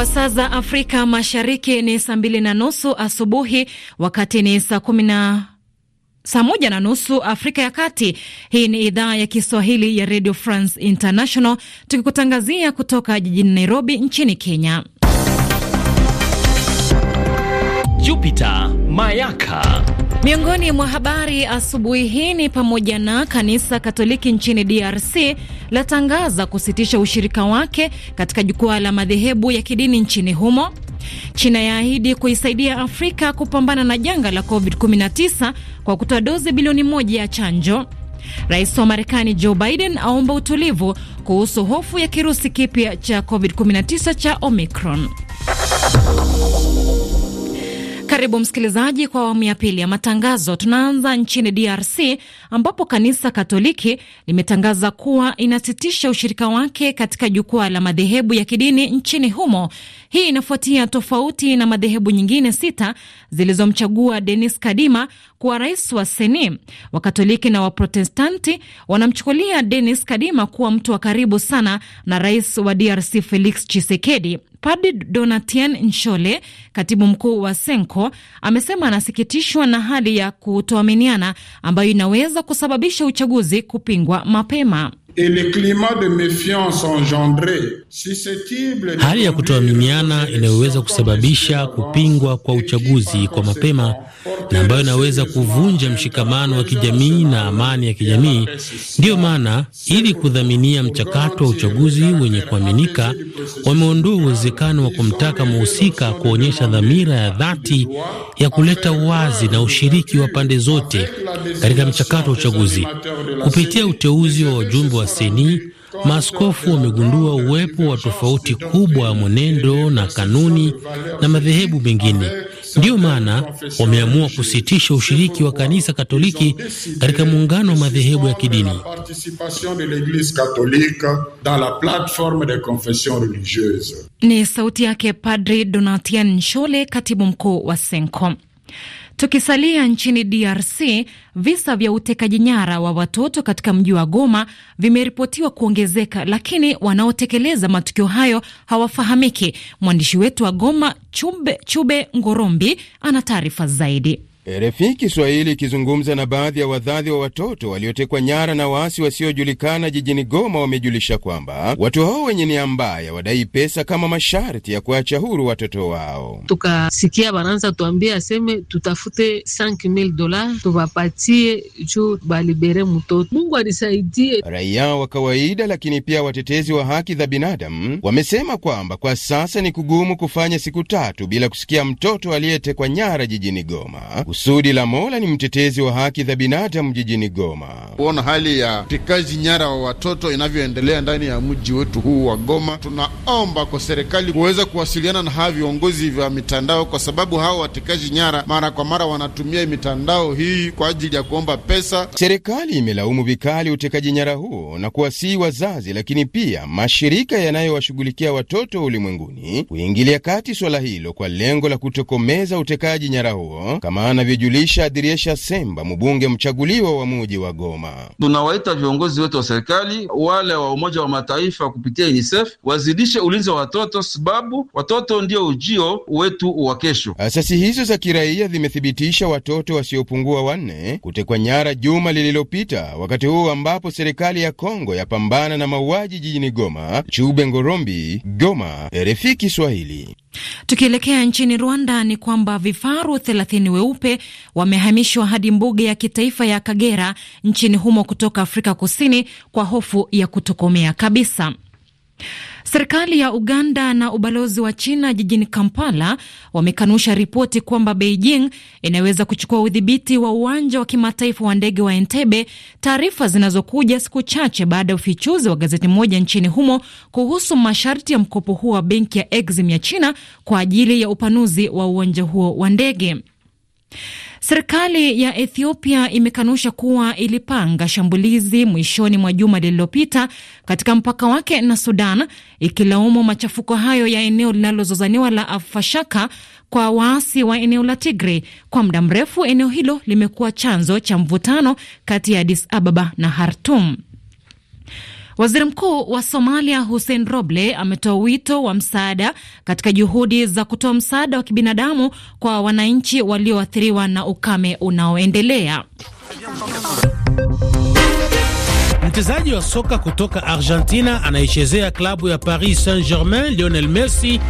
Kwa saa za Afrika Mashariki ni saa mbili na nusu asubuhi, wakati ni saa kumi na saa moja na nusu Afrika ya Kati. Hii ni idhaa ya Kiswahili ya Radio France International, tukikutangazia kutoka jijini Nairobi nchini Kenya. Jupiter Mayaka. Miongoni mwa habari asubuhi hii ni pamoja na kanisa Katoliki nchini DRC latangaza kusitisha ushirika wake katika jukwaa la madhehebu ya kidini nchini humo. China yaahidi kuisaidia Afrika kupambana na janga la COVID-19 kwa kutoa dozi bilioni moja ya chanjo. Rais wa Marekani Joe Biden aomba utulivu kuhusu hofu ya kirusi kipya cha COVID-19 cha Omicron. Karibu msikilizaji kwa awamu ya pili ya matangazo. Tunaanza nchini DRC ambapo kanisa Katoliki limetangaza kuwa inasitisha ushirika wake katika jukwaa la madhehebu ya kidini nchini humo. Hii inafuatia tofauti na madhehebu nyingine sita zilizomchagua Denis Kadima kuwa rais wa Seni. Wakatoliki na Waprotestanti wanamchukulia Denis Kadima kuwa mtu wa karibu sana na rais wa DRC Felix chisekedi Padi Donatien Nshole, katibu mkuu wa Senko, amesema anasikitishwa na hali ya kutoaminiana ambayo inaweza kusababisha uchaguzi kupingwa mapema et le climat de méfiance hali ya kutoaminiana inayoweza kusababisha kupingwa kwa uchaguzi kwa mapema na ambayo inaweza kuvunja mshikamano wa kijamii na amani ya kijamii. Ndiyo maana ili kudhaminia mchakato wa uchaguzi wenye kuaminika, wameondoa uwezekano wa kumtaka mhusika kuonyesha dhamira ya dhati ya kuleta uwazi na ushiriki wa pande zote katika mchakato wa uchaguzi kupitia uteuzi wa wajumbe wa hamsini maaskofu wamegundua uwepo wa tofauti kubwa ya mwenendo na kanuni na madhehebu mengine. Ndiyo maana wameamua kusitisha ushiriki wa kanisa Katoliki katika muungano wa madhehebu ya kidini. Ni sauti yake Padri Donatien Nshole, katibu mkuu wa Senko. Tukisalia nchini DRC, visa vya utekaji nyara wa watoto katika mji wa Goma vimeripotiwa kuongezeka, lakini wanaotekeleza matukio hayo hawafahamiki. Mwandishi wetu wa Goma Chube, Chube Ngorombi ana taarifa zaidi. RFI Kiswahili ikizungumza na baadhi ya wadhadhi wa watoto waliotekwa nyara na waasi wasiojulikana jijini Goma wamejulisha kwamba watu hao wenye nia mbaya wadai pesa kama masharti ya kuacha huru watoto wao. Tukasikia bananza tuambie aseme tutafute 5000 dola tuwapatie juu balibere mtoto. Mungu alisaidie Raia wa kawaida lakini pia watetezi wa haki za binadamu wamesema kwamba kwa sasa ni kugumu kufanya siku tatu bila kusikia mtoto aliyetekwa nyara jijini Goma. Kusudi la Mola ni mtetezi wa haki za binadamu jijini Goma. Kuona hali ya tikazi nyara wa watoto inavyoendelea ndani ya mji wetu huu wa Goma, tunaomba kwa serikali kuweza kuwasiliana na hawa viongozi vya mitandao, kwa sababu hawa watekaji nyara mara kwa mara wanatumia mitandao hii kwa ajili ya kuomba pesa. Serikali imelaumu vikali utekaji nyara huo na kuwasii wazazi, lakini pia mashirika yanayowashughulikia watoto ulimwenguni kuingilia kati swala hilo kwa lengo la kutokomeza utekaji nyara huo kama anavyojulisha adiriesha Semba, mbunge mchaguliwa wa muji wa Goma. Tunawaita viongozi wetu wa serikali wale wa Umoja wa Mataifa kupitia UNICEF wazidishe ulinzi wa watoto, sababu watoto ndio ujio wetu wa kesho. Asasi hizo za kiraia zimethibitisha watoto wasiopungua wanne kutekwa nyara juma lililopita, wakati huo ambapo serikali ya Kongo yapambana na mauaji jijini Goma. Chube Ngorombi, Goma, RFI Kiswahili. Tukielekea nchini Rwanda ni kwamba vifaru 30 weupe weupe wamehamishwa hadi mbuga ya kitaifa ya Kagera nchini humo kutoka Afrika Kusini kwa hofu ya kutokomea kabisa. Serikali ya Uganda na ubalozi wa China jijini Kampala wamekanusha ripoti kwamba Beijing inaweza kuchukua udhibiti wa uwanja wa kimataifa wa ndege wa Entebbe, taarifa zinazokuja siku chache baada ya ufichuzi wa gazeti moja nchini humo kuhusu masharti ya mkopo huo wa benki ya Exim ya China kwa ajili ya upanuzi wa uwanja huo wa ndege. Serikali ya Ethiopia imekanusha kuwa ilipanga shambulizi mwishoni mwa juma lililopita katika mpaka wake na Sudan, ikilaumu machafuko hayo ya eneo linalozozaniwa la Afashaka kwa waasi wa eneo la Tigray. Kwa muda mrefu, eneo hilo limekuwa chanzo cha mvutano kati ya Addis Ababa na Khartoum. Waziri Mkuu wa Somalia Hussein Roble ametoa wito wa msaada katika juhudi za kutoa msaada wa kibinadamu kwa wananchi walioathiriwa na ukame unaoendelea. Mchezaji wa soka kutoka Argentina anayechezea klabu ya Paris Saint-Germain Lionel Messi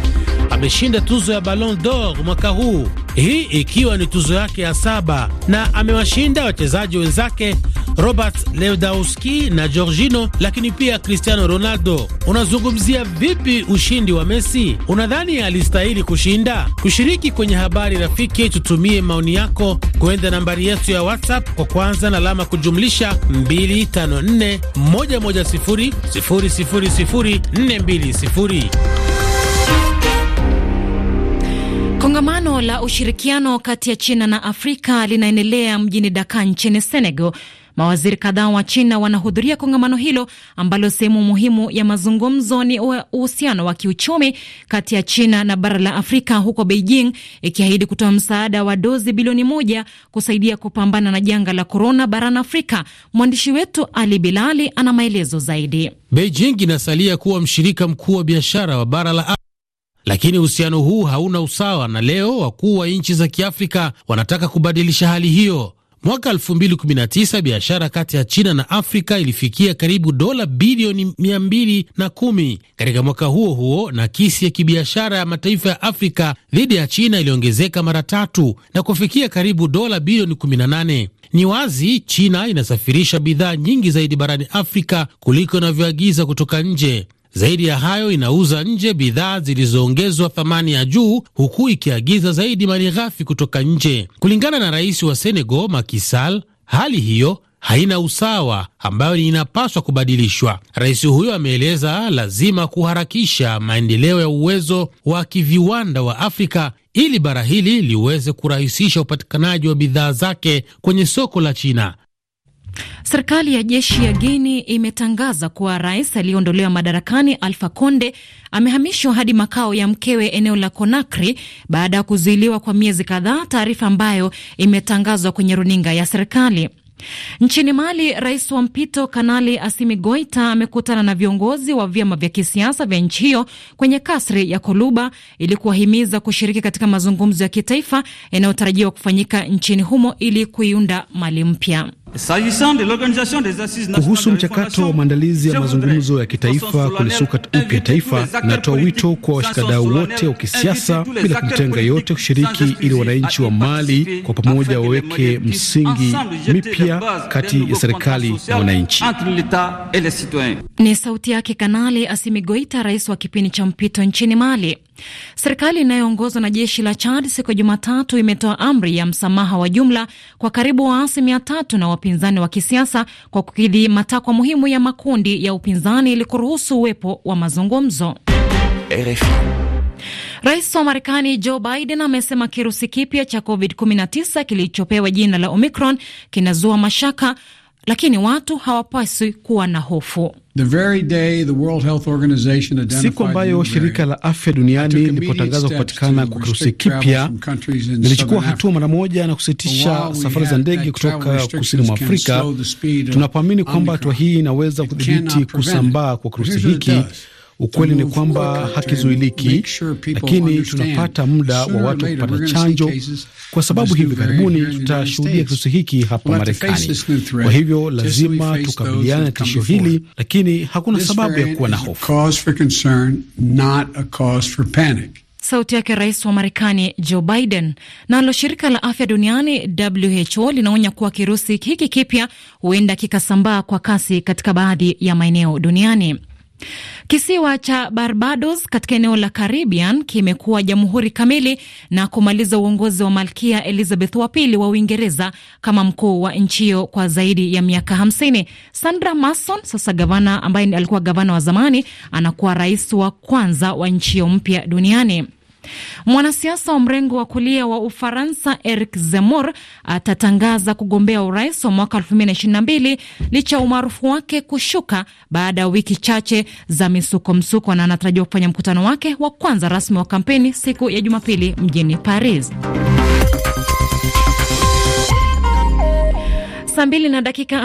ameshinda tuzo ya Ballon d'Or mwaka huu hii ikiwa ni tuzo yake ya saba, na amewashinda wachezaji wenzake Robert Lewandowski na Jorginho, lakini pia Cristiano Ronaldo. Unazungumzia vipi ushindi wa Messi? Unadhani alistahili kushinda? Kushiriki kwenye habari rafiki, tutumie maoni yako kwenda nambari yetu ya WhatsApp kwa kwanza na alama kujumlisha 254 110 000 420. Kongamano la ushirikiano kati ya China na Afrika linaendelea mjini Dakar nchini Senegal. Mawaziri kadhaa wa China wanahudhuria kongamano hilo ambalo sehemu muhimu ya mazungumzo ni uhusiano wa kiuchumi kati ya China na bara la Afrika, huko Beijing ikiahidi kutoa msaada wa dozi bilioni moja kusaidia kupambana na janga la korona barani Afrika. Mwandishi wetu Ali Bilali ana maelezo zaidi. Beijing inasalia kuwa mshirika mkuu wa biashara wa bara la lakini uhusiano huu hauna usawa, na leo wakuu wa nchi za Kiafrika wanataka kubadilisha hali hiyo. Mwaka 2019 biashara kati ya China na Afrika ilifikia karibu dola bilioni 210. Katika mwaka huo huo, nakisi ya kibiashara ya mataifa ya Afrika dhidi ya China iliongezeka mara tatu na kufikia karibu dola bilioni 18. Ni wazi China inasafirisha bidhaa nyingi zaidi barani Afrika kuliko inavyoagiza kutoka nje. Zaidi ya hayo, inauza nje bidhaa zilizoongezwa thamani ya juu, huku ikiagiza zaidi mali ghafi kutoka nje. Kulingana na rais wa Senegal Macky Sall, hali hiyo haina usawa ambayo inapaswa kubadilishwa. Rais huyo ameeleza lazima kuharakisha maendeleo ya uwezo wa kiviwanda wa Afrika ili bara hili liweze kurahisisha upatikanaji wa bidhaa zake kwenye soko la China. Serikali ya jeshi ya Guini imetangaza kuwa rais aliyeondolewa madarakani Alfa Conde amehamishwa hadi makao ya mkewe eneo la conakri baada ya kuzuiliwa kwa miezi kadhaa, taarifa ambayo imetangazwa kwenye runinga ya serikali. Nchini Mali, rais wa mpito Kanali Asimi Goita amekutana na viongozi wa vyama vya kisiasa vya nchi hiyo kwenye kasri ya Koluba ili kuwahimiza kushiriki katika mazungumzo ya kitaifa yanayotarajiwa kufanyika nchini humo ili kuiunda Mali mpya. Kuhusu mchakato wa maandalizi ya mazungumzo ya kitaifa kulisuka upya taifa, inatoa wito kwa washikadau wote wa kisiasa bila kumtenga yote kushiriki, ili wananchi wa Mali kwa pamoja waweke msingi mipya kati ya serikali na wananchi. Ni sauti yake Kanali Asimi Goita, rais wa kipindi cha mpito nchini Mali. Serikali inayoongozwa na jeshi la Chad siku ya Jumatatu imetoa amri ya msamaha wa jumla kwa karibu waasi mia tatu na wapinzani wa kisiasa kwa kukidhi matakwa muhimu ya makundi ya upinzani ili kuruhusu uwepo wa mazungumzo. Rais wa Marekani Joe Biden amesema kirusi kipya cha COVID-19 kilichopewa jina la Omicron kinazua mashaka lakini watu hawapaswi kuwa na hofu. Siku ambayo shirika la afya duniani lilipotangaza kupatikana kwa kirusi kipya, nilichukua hatua mara moja na kusitisha safari za ndege kutoka kusini mwa Afrika. Tunapoamini kwamba hatua hii inaweza kudhibiti kusambaa kwa kirusi hiki Ukweli ni kwamba hakizuiliki, lakini tunapata muda wa watu kupata chanjo, kwa sababu hivi karibuni tutashuhudia kirusi hiki hapa Marekani. Kwa hivyo lazima tukabiliane na tishio hili, lakini hakuna sababu ya kuwa na hofu. Sauti yake rais wa Marekani Joe Biden. Nalo shirika la afya duniani WHO linaonya kuwa kirusi hiki kipya huenda kikasambaa kwa kasi katika baadhi ya maeneo duniani. Kisiwa cha Barbados katika eneo la Caribbean kimekuwa jamhuri kamili na kumaliza uongozi wa Malkia Elizabeth wa pili wa Uingereza kama mkuu wa nchi hiyo kwa zaidi ya miaka hamsini. Sandra Mason, sasa gavana ambaye alikuwa gavana wa zamani, anakuwa rais wa kwanza wa nchi hiyo mpya duniani. Mwanasiasa wa mrengo wa kulia wa Ufaransa Eric Zemmour atatangaza kugombea urais wa mwaka 2022 licha ya umaarufu wake kushuka baada ya wiki chache za misukomsuko, na anatarajiwa kufanya mkutano wake wa kwanza rasmi wa kampeni siku ya Jumapili mjini Paris. Saa mbili na dakika